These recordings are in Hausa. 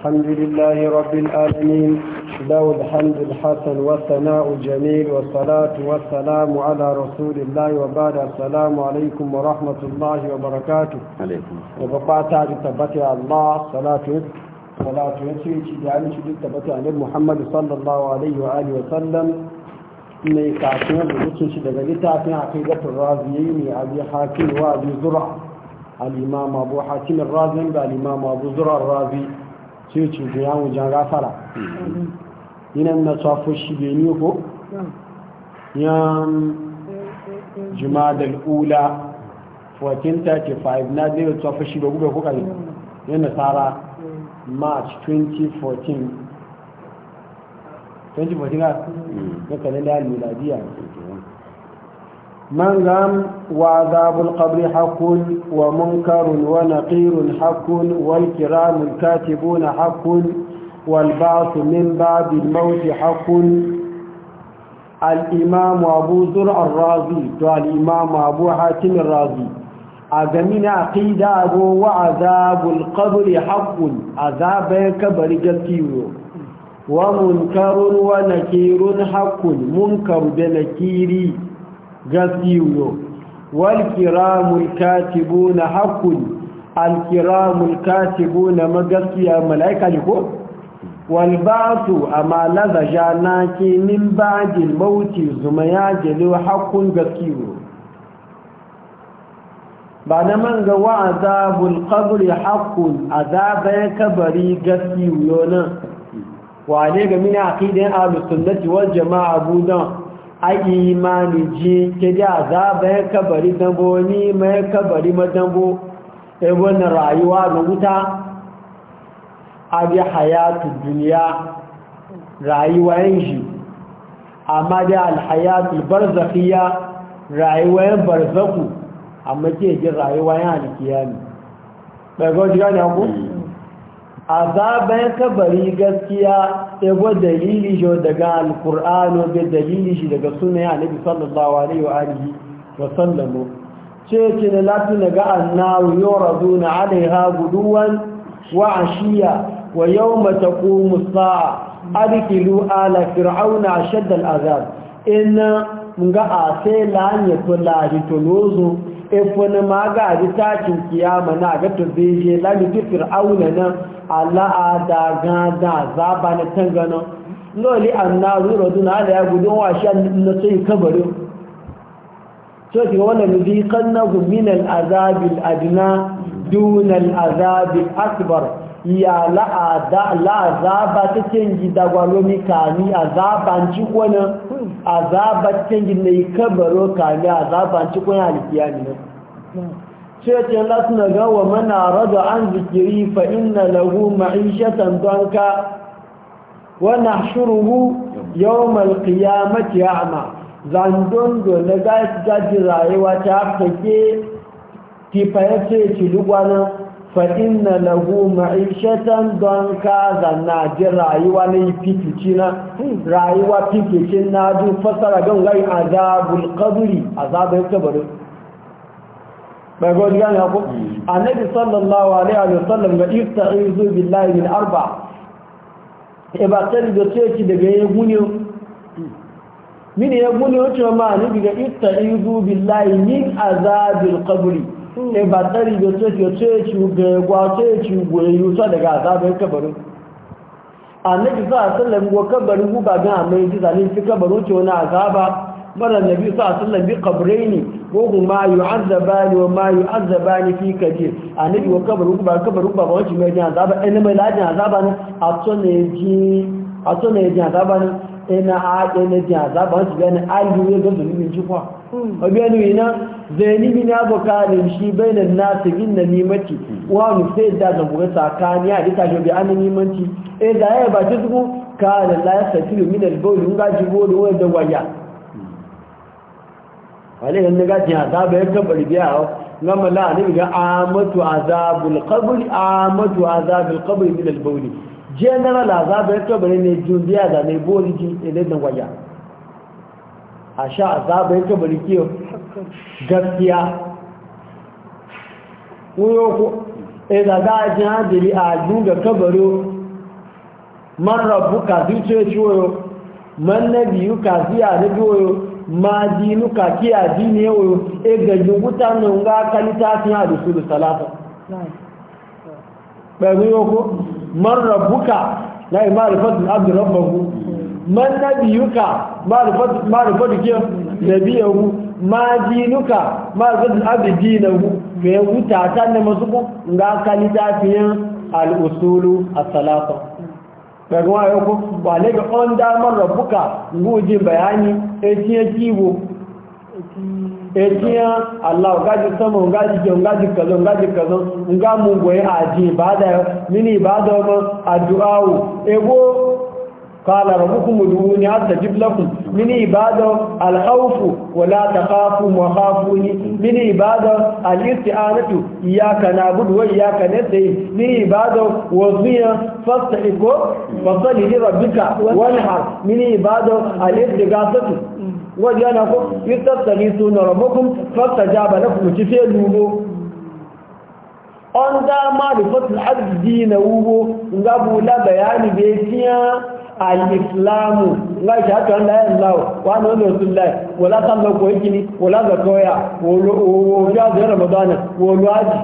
الحمد لله رب العالمين له الحمد الحسن والثناء الجميل والصلاة والسلام على رسول الله وبعد السلام عليكم ورحمة الله وبركاته عليكم وبقى تعجب تبتع الله صلاة صلاة يعني شديد تبتع عليه محمد صلى الله عليه وآله وسلم إنه يتعطينا بلوتين شديد لتعطينا عقيدة الرازيين أبي حاكم وأبي زرع الإمام أبو حاكم الرازي بالإمام أبو زرع الرازي sai ce ya yawon gafara ina na tsafo shi bai ni ko yan da ula 1435 na zai tsafo shi bai gube kuka ne yan nasara march 2014 2014 na kalenda miladiya من غام وعذاب القبر حق ومنكر ونقير حق والكرام الكاتبون حق والبعث من بعد الموت حق الإمام أبو زرع الرازي والإمام أبو حاتم الرازي أجمعنا عقيدة أبو وعذاب القبر حق عذاب كبر جتيو ومنكر ونكير حق منكر بنكيري gasiyo wal kiramul katibuna haqqun al kiramul katibuna magasiya malaika ne ko wal ba'su amma na ke min bajin mauti zuma ya jalu haqqun gasiyo ba na man gawa wa azabul qabri haqqun kabari gasiyo nan wane ga mina aqidan ahlus sunnati wal jama'a budan a imani ji ke da azaba ya kabari dambo ni ma kabari ma dambo e rayuwa na wuta a bi hayatu duniya rayuwayen shi amma da alhayatu barzakiya rayuwayen barzaku amma ke ji rayuwayen alkiyami ɗaga wajen ne ku? azaban kabari gaskiya ego dalili jo daga alkur'ano da dalili shi daga ya nabi sallallahu alaihi wa alihi wa sallam ce ce da lati daga annahu yuraduna alaiha guduwan wa ashiya wa yawma taqumu saa adkilu ala fir'auna ashadda al-azab inna nga asela nya to la efonu ma ga bi tashin kiyama na ga to zai je lamiti fir'auna nan ala'a da gada ne na gano loli an na zuro duna da ya gudun shan na sai kabarin to ki wala muziqan kanna min al-azab al-adna dun al-azab al-akbar ya la'azaba ta canji dagwalomi kami azabanci wani azaba canji na yi kabaro kami azabanci wani alikiya ne cikin latina gawa mana rada an zikiri fa ina lagu ma'ishatan donka wana shuruhu yau malkiya mati ama zandondo na gaji rayuwa ta fake kifayen ce ci lugwanan fa’inna na goma ishatan don ka zanna ji rayuwa na na rayuwa fitikin na dun fasara don gai a zabun kaduri a zabun tabarin mai godi gani haku mm. a nabi sallallahu alaihi wa sallam ga ista in zo billahi min arba e ba tsari da teki daga ya gune mini ya gune wuce ma daga ista in zo billahi min azabun ne ba tsari da tsoci tsoci ga yagwa tsoci goyayyu sa daga azabar kabarin annabi sa sallam go kabarin guba ga mai ji zalin fi kabaru ce wani azaba mara nabi sa sallam bi qabraini ko huma yu'azzabani wa ma yu'azzabani fi a annabi go kabarin guba kabarin guba wani mai ji azaba ɗan mai ladin azaba ne a tsone ji a tsone ji azaba ne ina a ɗan ji azaba wani ga ne aljuwe ga zulumin ji kwa ogani ina zaini na bukalin shi bainan nasu inna nimati wa wani sai da zan buga tsakani a dika bi an nimanci e da ya ba tuku ka la yasatilu min al-bawl nga jibo da waya wale ne ga ji azaba ya kabari biya ngama la ne ga amatu azabul qabr amatu azabul qabr min al-bawl general azaba ya kabari ne jundiya da ne ji ne eh, da waya a sha azaba yake bari kiyo gaskiya wuyo ku idan eh, za a ji hadiri a duga kabaro man rabu ka zuciya ciwoyo man na biyu ka ziya na biyoyo ma dinu ka kiya dini yawoyo e eh, ga yunguta nan ga kalita sun hadu su da salata ɓari yau ko man rabu ka na imar fatin abdu rabbahu man na biyu ka ma ma'arifatu ke nabiyahu ma ma dinuka ma'arifatu abidinahu mai wuta ta ne masu ku ga kali tafiyan al'usulu a salata daga wa yau ku ba ne ga on damar rabuka guji bayani etiyan kiwo etiyan allah gaji sama gaji ke gaji kazo gaji kazo ga mun goyi aji ba da mini ba da ma addu'a ego قال ربكم ادعوني استجب لكم من عباده الخوف ولا تخافوا وخافوني من عباده الاستعانه اياك نعبد واياك نستعين من عباده وصيه فاستحق فصل لربك وانحر من عباده الاستغاثه وجانكم يستغيثون ربكم فاستجاب لكم تفعلوا on da ma da fatul arziki na wugo ga bula bayani da ya al-islamu ngai e. ta ta la ilaha wa la rasulullah wala kan da ko yiki wala da koya wala wo ja da ramadana wala aji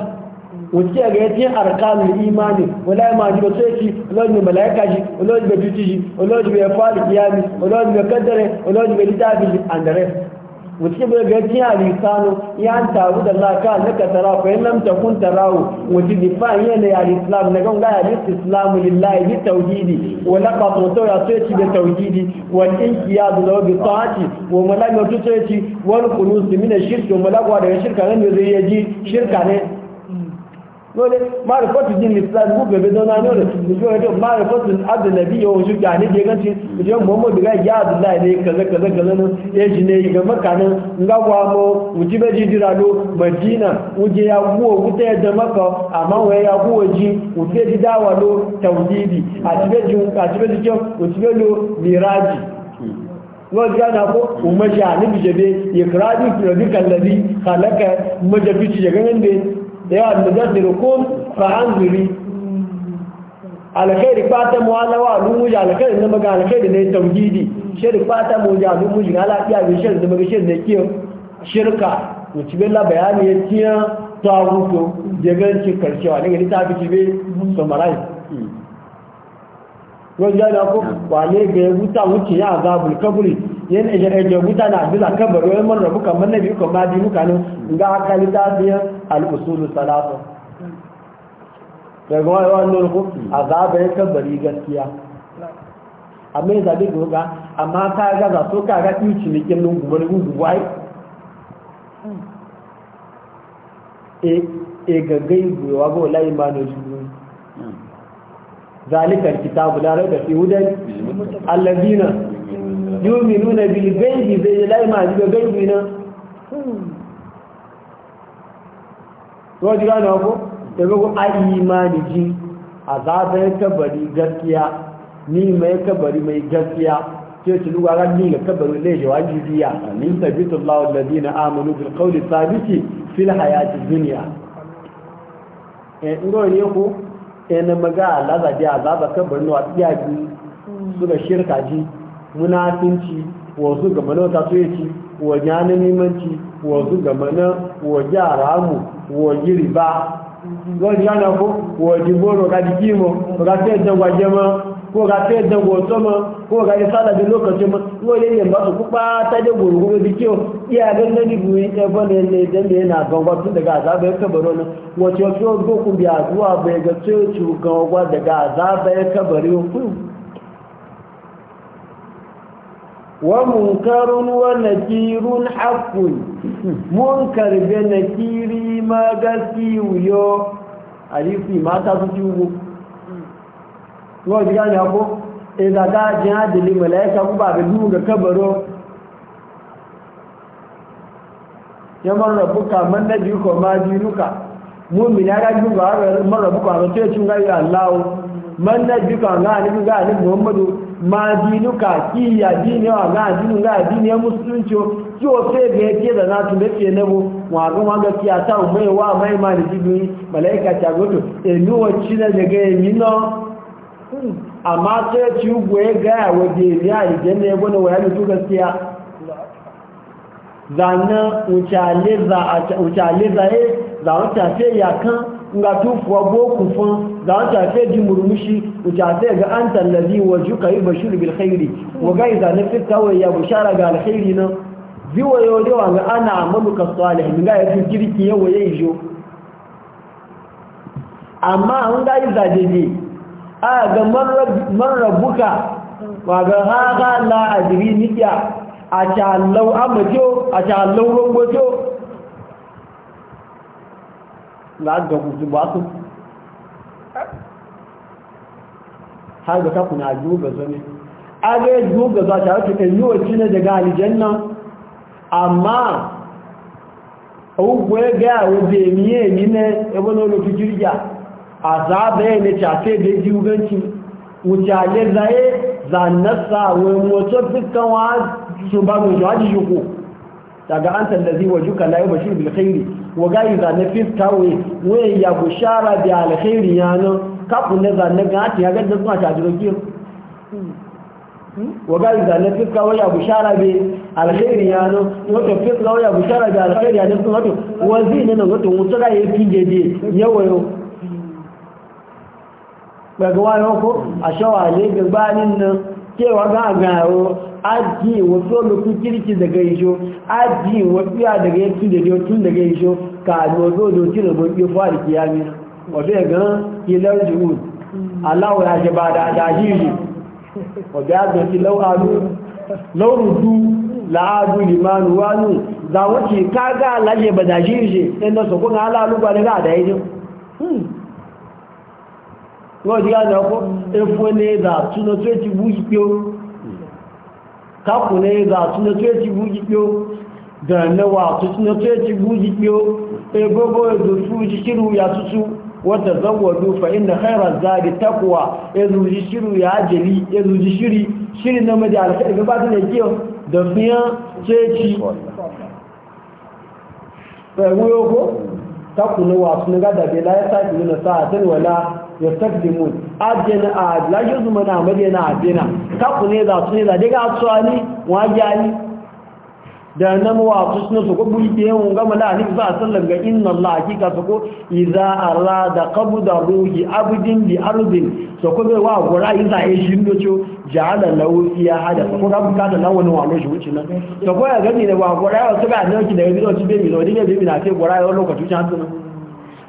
wuce ga yake arkanul imani wala imani ba sai ki wala ne malaika ji wala ne bidiji wala ne fa'al kiyami wala ne kaddare wala ne litafi and the rest wuce bai ga jiya lisano ya taru da laka na ka tara fa in lam takun tarahu wuce difan na ya islam na gonga ya islam lillahi bi tauhidi wa laqad to ya ci da tauhidi wa in kiyadu law bi taati wa malaka to ce ci wal qulus min ashirk wa malaka da shirka ne zai yaji shirka ne lórí márùfọ́tù jí ní ìsìláàdìbò bẹ̀bẹ̀ tó náà lórí ìjọ ẹjọ́ márùfọ́tù adìlẹ̀bí yóò ojú kí àníjẹ gánṣe ìjọ mọ́mọ́dù rẹ̀ yá àdìlá ilé kẹlẹ́kẹlẹ́kẹlẹ́ ní èjì ní ìgbẹ̀ mọ́kànlá mọ́ òjíbẹ́jì dìradó mẹ̀jìnà ya wú òwútẹ́ ẹ̀dẹ̀ mọ́kọ̀ a níbi jẹ́bẹ́ da yawa mujaddirukum fa anzuri alkhairi fata mu ala wa lu muja alkhairi na maga alkhairi ne tauhidi shirka fata mu ja lu muji ala iya bi shirka da maga shirka ne ke shirka mu ci bella bayani ya tiya ta huto je ga ci karshe wa ne ta fi be samarai wajen da ku wane ga ya huta wuce ya azabul kabri yin yana ya wuta na bisa kan baro yin man rabu kan mannabi kan ma dinu kan ga akali ta biya al usul salatu daga wani wannan ku zaɓa ya kabari gaskiya amma ya zaɓi goga amma ta gaza so ka ga tuci ne kin lungu wani gugu wai e e gagai gowa go lai ma zalikar kitabu la da fi hudai alladina yu'minuna bil ghaibi zai lai ma ji gaibi na to ji gane ko da ko a imani ji azabai kabari gaskiya ni mai kabari mai gaskiya ke ci luwa ran ni ga kabari ne jawabi biya min sabitu Allahu alladhina amanu bil qawli thabiti fil hayati dunya eh ndo ne ko eh na maga Allah da azaba kabari no a tsiya bi suka shirka ji munafinci wasu ga mana kasuwanci waje na nimanci eh, wasu ga mana waje haramu waje riba wọ́n ti ránà fún wọ̀dìbò rọ̀ká di kí mọ̀ rọ̀ká tí ẹ̀dẹ̀ wàjẹ́ mọ́ kó rọ̀ká tí ẹ̀dẹ̀ wọ̀ tó mọ́ kó rọ̀ká di sádàbí lókàtí mọ́ wọ́n lè yẹn bá tó púpá tẹ́jẹ̀ gbòrògbò bí kí o yẹ abẹ́lẹ́ níbu ẹgbọ́n lè dẹ́lẹ̀ náà gbọ́ngbọ́ tún daga àzábẹ́ kẹbẹ̀rẹ̀ ọ̀nà wọ́n ti ọjọ́ gbókun bí àdúrà bẹ̀rẹ̀ tó ètù gan ọgbà daga àzábẹ́ kẹbẹ̀rẹ̀ òkú ومنكر ونكير حق منكر بنكير ما قسيو يو حديثي ما تسجوه wọ́n ti gáàrin àpó ìzàdá jẹ́ àdìlì mẹ̀lẹ́ẹ́sà púpà bí lúù ga kábàrọ̀ ya marrabuka man nabi ko ma dinuka mu'min ya ga duba marrabuka ba sai cin gairi Allah man Muhammadu ma dinuka ki ya dini wa na dinu ga dini ya musulunci ki o sai ga yake da na tun da ke na bo wa ga ma ga ki ata mai wa mai ma ni dibi malaika ta goto e ni o ci na daga yi no hmm, amma sai ci gwe ga wa ge ya aljanna ya gona wa ya mutu gaskiya zanna ucale za ucale za e za wata sai ya kan nga tufuwa boku fun da an tafe ji murmushi ku tafe ga an tallazi wa juka yi bashir bil khairi wa ga iza na fi ya bushara ga alkhairi nan ziwa yau da wa ga ana amalu ka salih ga ya fi kirki ya ya jo amma an ga iza ne a ga man wa ga ha ga la adri niya a ta lau amajo a ta lau rongojo láàjọkùn ti bọ́ átò har da kaku na duba zane a ga yi duba za ta haka kan yi wacce na daga aljanna ya gaya ni na ebe na olofi jirya a zaɓa ya ne zanasa wani wato fiskan wa su ba mai jawaji yuko daga an tallazi wa juka layi bashir bilkhairi waga yi zane fifta we we ya bushara da alkhairi yana kafin na zane ga ati ya gadda suna ta jiro kiyo waga yi zane fifta we ya bushara da alkhairi yana wato fifta we ya bushara da alkhairi yana suna wato wazi ne nan wato mutu ga yi kinje je yawayo gbagawa yau ko a shawa aji wasu lokacin kirki daga yisho aji wasu ya daga yankin da yau tun daga yisho ka dozo da tira mun yi fari kiyami wato ya ga ilar juhud Allah ya ji ba da dajiri wato ya ga ki lau alu lau rudu la adu limanu wanu za wace kaga laje ba dajiri sai na so kun ala lu ba daga da yisho wọ́n hmm. e e ti ká ní ọkọ́ efúnni ẹ̀dà túnú tó ti wú ìpé o kakune za su na tuyaci buji biyo da na wasu su na tuyaci buji biyo egogo da e su ji shiru ya su su wata zawwadu fa inna khairaz zadi taqwa yanzu e ji shiru ya ajali yanzu e ji shiri shiri na maji alkhairi ga ba ta ne kiyo da fiya ceci ko takuna wasu na gada bai la ya sa ki nuna sa'atin wala ya takdimun adena a lajo mana na madina adena kafu ne za su ne za daga su ani waje ani da na muwa su suna su gubu ite yawon gama da alif za a sallar ga inna Allah hakika su ko iza ara, da kabu da ruhi abidin bi arzin su ko zai wa gura iza ya shi ndo da lauki ya hada su ko gabu kada na wani wano shi wuce nan su ko ya gani da wa gura ya wasu ga nauki da ya bi da wasu bemi da wani ne bemi na ce gura ya wani lokacin wuce hatu nan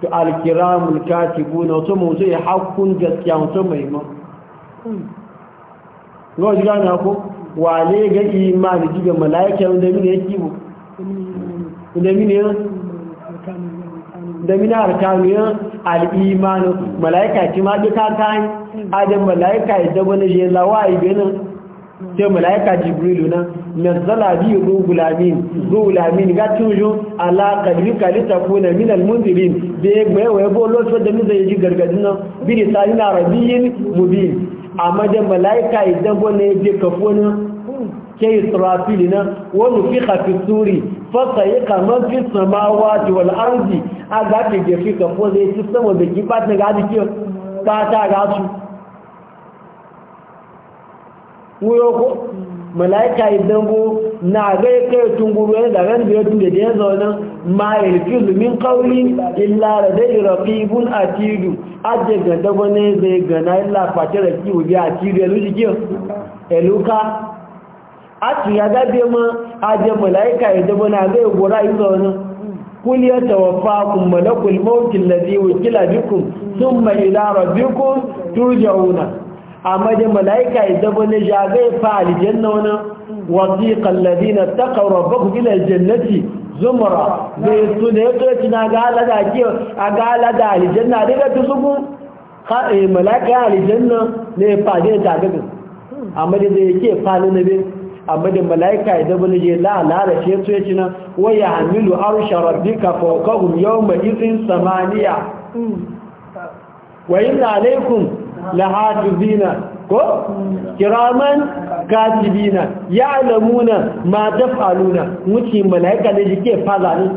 to alkiramul katibu na wato mutu ya hakkun gaskiya wato mai ma hmm. ga shi gane ko wale ga imani jiga malaika da mini ya kibo da mini ya da mini arkanu ya al'imanu malaika ci ma duka kayan adam malaika ya dabo na je lawa ibenin sai malaika jibrilu na nazzala bi ruhulamin ruhulamin ga tunjo ala ta kuna min almunzirin be gbe we bo lo so da mi zai ji gargadin na bi lisanin arabiyyin mubin amma da malaika idan bo ne je kafona ke israfil na wa nufikha fi suri fa sayqa man fi samawati wal ardi aga ke je fi kafona ya ci sama da kibat ga ta ta ga su wuyo ko malaika idan na ga kai tunguru ne da ran biyo tun da ya zauna ma yalfizu min qawli illa ladai raqibun atidu ajje ga dago ne zai ga na illa fati raqibu bi atidu ya luji kiyo eluka ati ya ga be ma ajje malaika idan ko na ga gora yi zauna kul ya tawaffakum malakul maut alladhi wukila bikum thumma ila rabbikum turja'una amma da malaika idan wani jagai fa aljanna wani wasiqa alladhina taqaw rabbakum ila aljannati zumra da su ne to tuna ga da ke a ga da aljanna daga tusugu ka eh malaika aljanna ne fa da jagabi amma da yake fa ne nabi amma da malaika idan wani je la lara ce to yace na wa hamilu arsha rabbika fawqahum yawma idhin samaniya hmm. wa inna alaykum لها جزينا كراما كاتبين يعلمون ما تفعلون متي ملائكه ديكي فازاني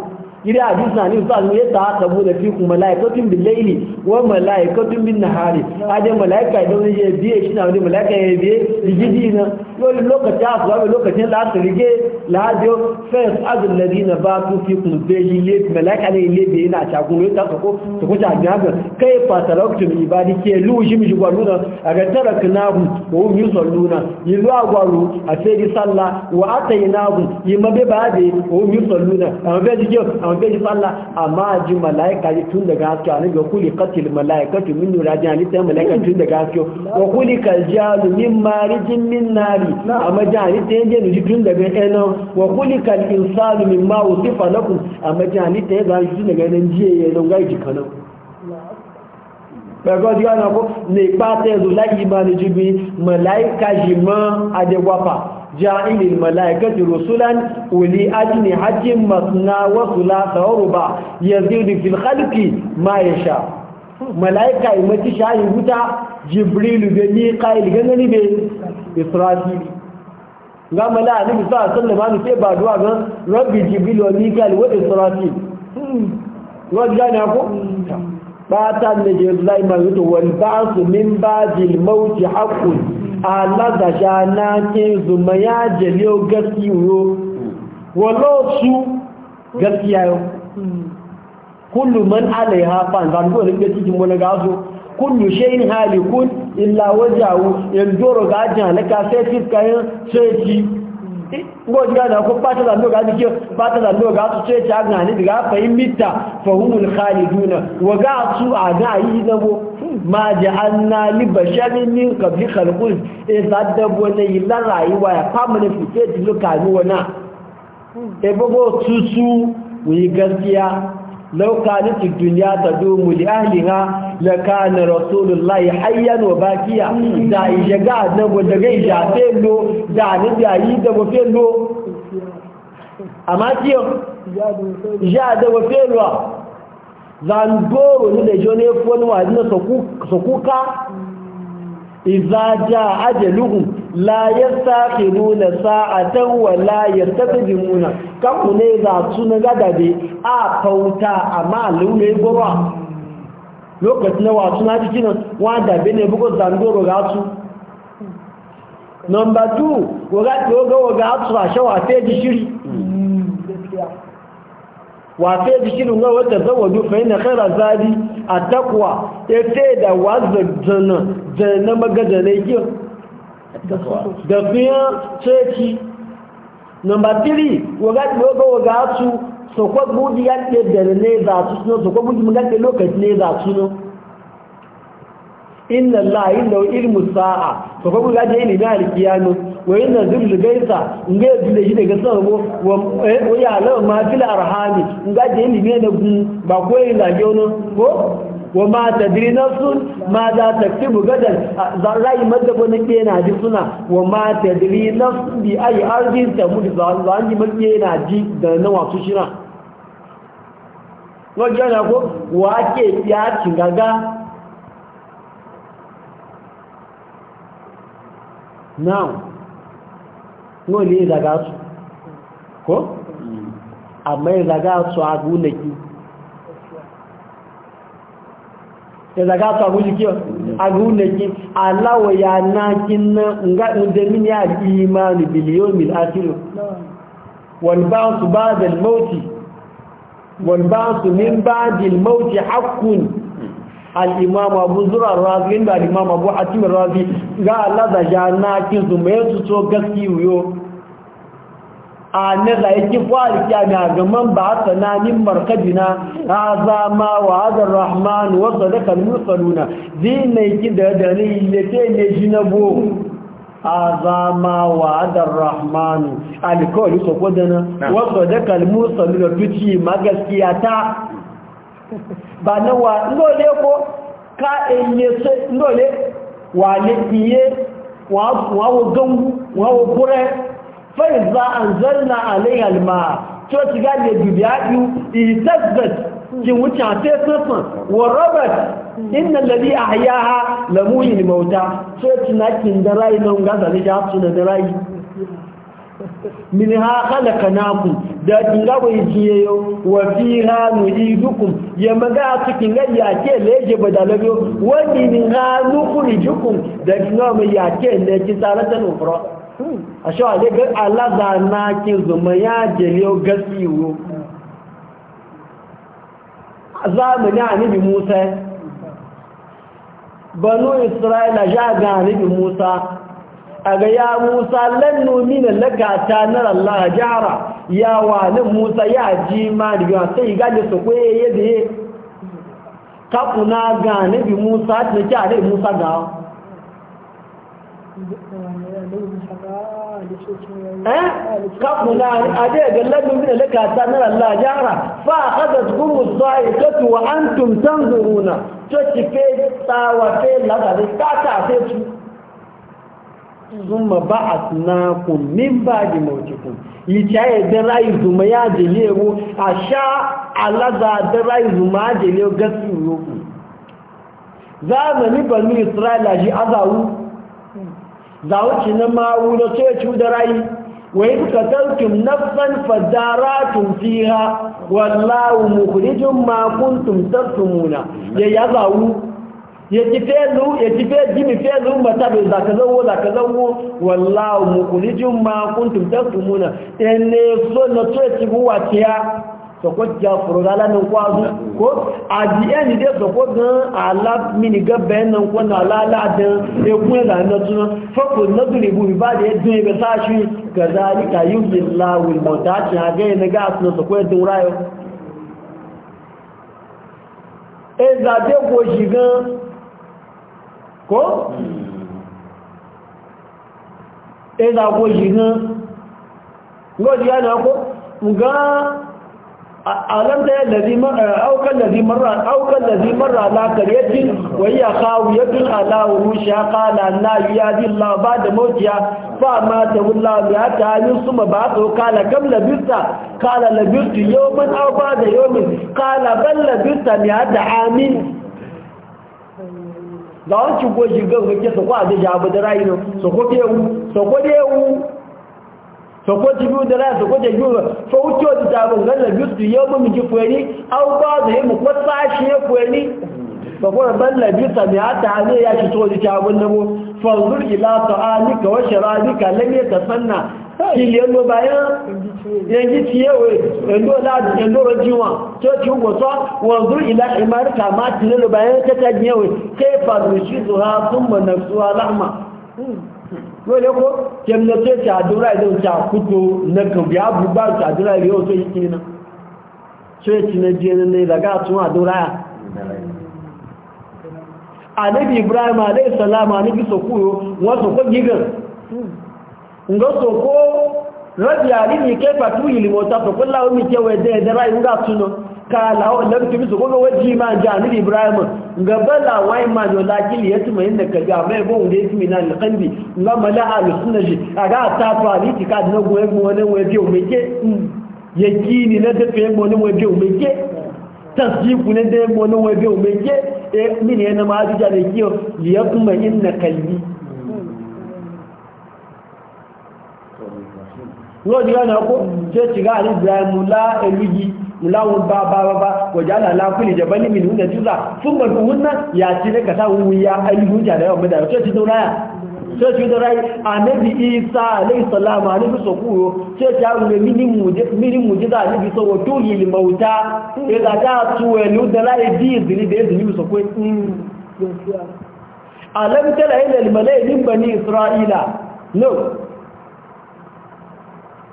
kiri hadis na ni sallallahu alaihi wasallam ya ta bude fi kuma malaikatun bil laili wa malaikatun bin nahari ade malaika da wani ya biye shi na wani malaika ya biye rigidi na dole lokaci a suwa lokacin la ta rige la dio fas azul ladina ba tu fi kun beji le malaika ne le bi na ta kun ta ko to ko ta ga kai fa taraktu min ibadi ke lu shi mi gwaruna aga taraknahu wa hum yusalluna yilu agwaru a sai di sallah wa yi atainahu yimabe k'o wa hum luna a' be ji ke gani falla amma ji malaika ji tun daga haske a nabi kuli katil malaika tu min nura jani ta malaika tun daga haske wa kuli kaljalu min marijin min nari amma jani ta yanzu yanzu tun daga eno wa kuli kal min ma usifa lakum amma jani ta yanzu tun daga nan jiye ya don gaji kanan pẹ̀gọ́ di ọ̀nà kó lè pàtẹ́ ìlú láì ìbánijú bí mọ̀láíkà yìí mọ́ adégbàpá ja'ilil malaikati rusulan uli ajni hajjin masna wa thulatha wa ruba yazidu fil khalqi ma yasha malaika imati shayi huta jibrilu be miqail gangani be israfil ga mala annabi sallallahu sai ba duwa ga rabbi jibril wa miqail wa israfil wa jana ko ba ta ne je zai ma yuto wal ba'su min ba'dil mauti haqqun Ala da náà kí n zuma ya jẹ̀lé ó gẹ́sí ìwò wọ́n lọ́ọ̀ tú gẹ́sí ayọ́ kullu man alaiha fan zan ko rike cikin wani gazo kullu shay'in halikun illa wajahu yanzuru gajin alaka sai fiska yin sai ji ngoji ga da ko pata da ndo ga ji pata da ndo ga su sai ta ga ni daga fahimta fahumul khaliduna wa ga su a yi na nabo ma ja'alna li basharin min qabli khalqul dabo na ila rayuwa ya family fitate luka ni wana e bogo tutu wi gaskiya law kanat dunya tadumu li ahliha la kana ya hayyan wa bakiya. da ijaga da daga ijafe lo da ni da yi da bofe lo amma kiyo ja da bofe lo zandoro ni da jone wani wani na sakuka iza ja ajaluhum la yastaqiluna sa'atan wa la yastaqdimuna kamu ne za su na gadabe a fauta amma lume gora lokacin na wasu na cikin wa da bene bugo zandoro ga su number 2 waga ga waga su a shawa ta ji shiri wafe jikin gawa wata zawadu fa yana khaira zadi a takwa e ya ce da wazza zana jana magajana yi da fiye ceci number 3 waga waga waga su so kwa gudi ya ce da ne za su no so kwa gudi mun ga lokaci ne za su no inna allahi lahu ilmu sa'a so kwa gudi ya ce ilmi al-qiyamah wa yin da zubul gaisa in ga yadda da shi daga sarbo wa eh, ya lawa ma fil arhami in ga da ilimi na gun ba ko na zage wani ko wa ma tadri nafsun ma za ta kibu gadan zarrai madaba na ke na ji suna wa ma tadri nafsun bi ayi arzin ta mutu za an ji makke na ji da na wasu shina wajen na ko wa ke ya cingaga now no ne zaga su ko amma ya zaga su a gunaki ya zaga su a gunaki a gunaki alawa ya nakin na nga indamin ya imani biliyomil asiru والبعث بعد الموت والبعث من بعد الموت حق الإمام أبو زرع الرازي عند الإمام أبو حاتم الرازي قال لذا جانا كنتم يتسو قسي ويو a naza yake fari kyana ga man ba sananin markadina A zama wa hadar rahman wa sadaka musaluna zina yake da dare yake ne jinabo haza ma wa hadar rahman alkawari so kodana wa sadaka musaluna tuci magaskiya ta ba na wa ndole ko ka enye ndole wa le iye wa wa gangu wa kure fai za an zanna alai halma to ti ga le bi ya bi ihtazzat ki wuce sai sassan wa rabat inna alladhi ahyaha la mauta to ti na kin da rai nan ga da ja su da rai minha khalaqnakum da kinga bai jiyeyo wa fiha nu'idukum ya maga cikin gayya ke leje badalago wani minha nukhrijukum da kinga mai yake ne ki tsaratan ukra a shawa ne ga alaza na ke zuma ya jeliyo gasiwo a zamani a nibi musa banu isra'ila ya ga nibi musa a ga ya musa lannu mina lagata na allah jihara ya wani musa ya ji ma daga sai gaji su kwaye yadda ya kafuna ga nibi musa ta ke a nibi musa gawa كفنا أدي قلبي من لك أتانا الله جارة فأخذتكم الصائقة وأنتم تنظرون تشفيت تاوتين لغاية تعتعتت ثم بعثناكم من بعد موتكم يتعي درأي زما يجليه أشاء على ذا درأي زما يجليه قسم يوكم زامن بني إسرائيل أجي أذاو zawuci na ma'u da ce cu da rai wai ka tarkin nafsan fadaratun fiha wallahu mukhrijum ma kuntum tasmuna ya ya zawu ya kifelu ya kife jimi felu mata za zaka zawo ka zawo wallahu mukhrijum ma kuntum tasmuna ene so na ce ci buwa tiya sọ̀kọ́ jẹ́ ọ̀fọ̀rọ̀dá lánàkwáàzú kó àdìyẹ́nì dé sọ̀kọ́ gan alámìnigẹ́bẹ̀ẹ́ na kọ́ na aláàdán ekún ìlànà tún fọ́kù lọ́dún ìbú ìbáde ẹdún ẹgbẹ̀ sáàṣù gàzáríkà yóò fi láwìl mọ̀tàtì àgẹ́yẹnigá àtúnà sọ̀kọ́ ẹdún ráyọ ẹzàdẹ́gbòṣì gan kó ẹzàgbòṣì gan ngọ́ alam da yadda aukan da zimarra aukan da zimarra la karyatin wa kawo ya tun alawu rusha kala na ya ba da motiya fa ma ta wulla ya ta yi suma ba so kala kam labista kala labistu yawmin aw ba da yawmin kala bal labista ya da amin da wanci goji ga wake su kwa da jabu da rayu su ko tewu su dewu sokoji biyu da raya sokoji biyu ba fa wuce wata taron ganar biyu su yau mu miki kweri an ba da yi mu ko sashi ya kweri ba kuma ban labi sami hata hane ya shi so ji taron na mu fanzur ila ta'ani ka washe rani ka lame ta sanna kiliyan lo bayan yanki ciyewe yanzu ladu yanzu rajiwa to ci gosa wanzur ila imar ka ma tilalo bayan ta tajiyewe kai fa zushi zuha sun manasuwa lahma lóòlé kó kẹmìnà tó ti àdúrà ilé òtí àkútó nẹkùnbí àbúgbà òtí àdúrà ilé òtó yìí kiri náà tó yẹ ti nẹbi ẹni ní ìdàgá àtún àdúrà yà àdébì ibrahim àdébì sàlámù àdébì wọn sòkó gígàn kala wa lam tumi su kuma waji ma jami'in ibrahim ga bala wai ma no lakil yatu mai inda ka ga mai bon da yasmi na alqalbi la mala al sunnaji aga ta fa ni ti ka na goye mu wani waje mu ke yakini na tafi mu wani waje mu ke tasdiqu na da mu wani waje mu ke e min yana ma ajuja da kiyo liyakuma inna kalbi Lọ́dí ọ̀nà kó jẹ́ ṣìgá àrí Ibrahim la ẹlúgi mulawun ba ba ba ba waje ala la kulli jabalin min hunna juza sun ba hunna ya ci ne ka sa wuya ayyuhu ja da yawan da ce ci dauraya ce ci dauraya annabi isa alayhi salam annabi so kuyo ce ta wuri mini muje mini muje da annabi so wato lil mauta ya ga ta tuwe lu da la idi zini da zini so ko hmm. alam tala no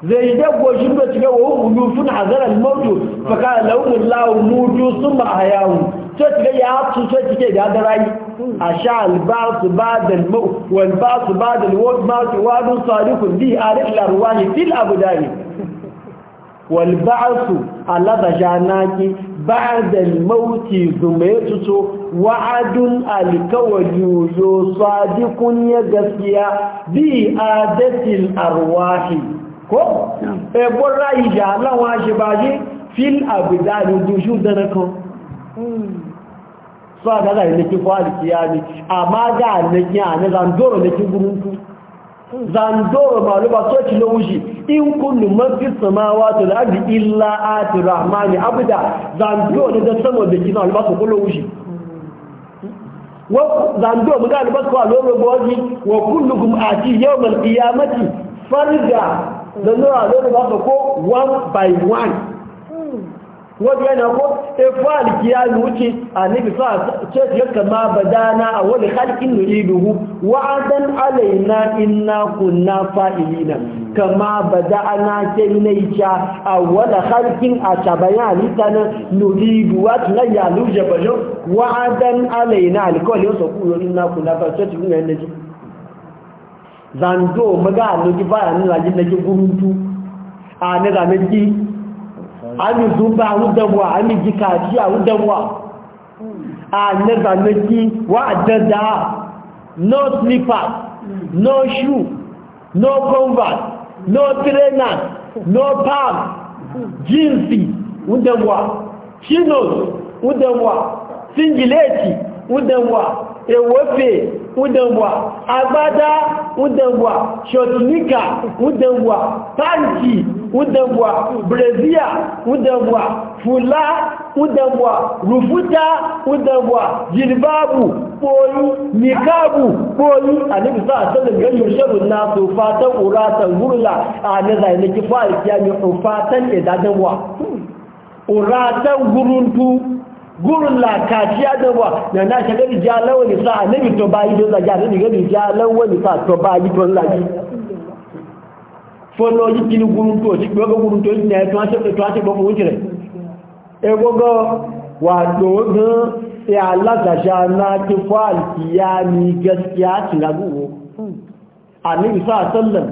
زي جاب وجبة جوا وجوف عذر الموت فقال لهم الله موت ثم أحياهم تتجي يا عطس تتجي يا دراي عشاء البعض بعد الموت والبعض بعد الموت مات وعد صادق دي أريح الأرواح في الأبدان والبعض على ذجناك بعد الموت زميته وعد الكون يوجو صادق يجسيا دي عادة الأرواح ko ẹgbọ́n ráyì yà láwọn aṣebáyé fíl àgbèdá hmm. ní ojú dẹ́rẹ kan sọ àgbàdà ìlẹ́kí fọ́wàlì kí á ní àmágà lẹ́kí àní zandoro lẹ́kí burúkú zandoro ma ló bá tó kí ló wúṣì in kullu mafi samawa tó láti ilá àti rahmani abúdá zandoro ní dẹ́sẹ́mọ̀ lẹ́kí náà ló bá tó kó ló hmm. wúṣì zandoro mú dáa ló bá tó wà lórí ọgbọ́ lọ́lọ́rọ̀ lórí wọ́n sọ kó one by one wọ́n bí ẹ̀nà kó efó àlìkí alùúkí àníbìfà tí ó kàmá bàdáná àwọn ìkálìkí nìrí ìlúhu wa'adan alaina inna kunna fa'ilina kama bada'ana kainaita awwala khalqin ashabaya wa zando maga aloji baya ni laji nake guruntu a ne ga nake ani zuba hu dawa ani jikaci hu dawa a ne ga nake wa dada no slippers no shoe no converse no trainers no pants jeans hu dawa chinos hu dawa singileti hu dawa ewofe udambwa agbádá udambwa shotnika udambwa tanki udambwa brezia udambwa fula udambwa rufuta udambwa jilbabu koyu nikabu koyu a nufi sa a sanin gan yursharu na su fatan uratan gurla a na zai na kifa a kiyami uratan guruntu gurin lakaciya da ba na na shagar jalar wani sa annabi to ba yi don zage annabi gani jalar wani sa to ba yi don zage fọlọ yìí kí ni gurun tó ti gbogbo gurun tó ní ẹ̀ tó wá ṣe tó wá ṣe gbogbo oúnjẹ rẹ̀ egogo wà tó gan ẹ alágàṣà náà ti fọ́ àlìkìyà ní gẹ́sìkìyà ti lágúwò àníbi sáà sọ́lẹ̀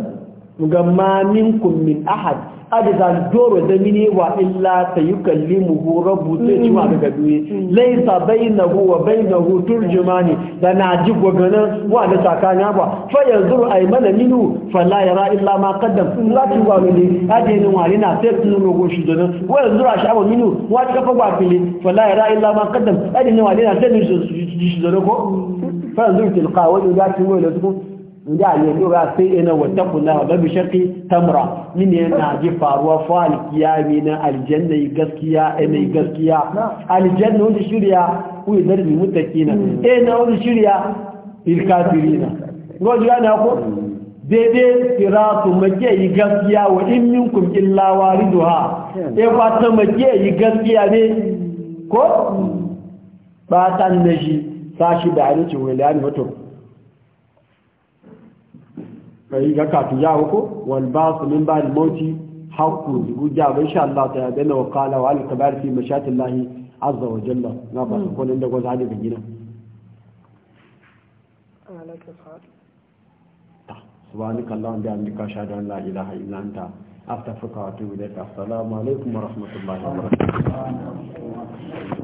adizan doro da mini wa illa ta yi kalli muhu rabu sai ci ma daga duye laisa bai na huwa bai na hutur jimani da na ji gwaganin wa da tsakanya ba fa yanzu a yi mana minu falla ya ra illa ma kaddam la ci wa mini ajiye ni wani na sai tunu rogo shi donin wa yanzu a sha'awa minu wa ci kafa gwa fili falla ya ra illa ma kaddam ajiye ni wani na sai tun tunu shi donin ko fa yanzu tilka wani ya ci gwa da su inda a yanzu ra sai ina wata kula ba bi shaƙi tamra ya na ji faruwa fa alkiyami na aljanna yi gaskiya ina yi gaskiya aljanna wani shirya kuyi zarbi mutaki na ina wani shirya ilkafiri na roji yana ko daidai siratu make yi gaskiya wa in minkum illa wariduha e ta make yi gaskiya ne ko ba batan naji sashi da ainihin wani da ya mutum kai ga ka tuja ko wal ba'su min ba'd mauti haqqu guja ba insha Allah ta yadda wa qala wa al kabar fi mashatillahi azza wa jalla na ba ko nan da gwaza hadi ga gina سبحانك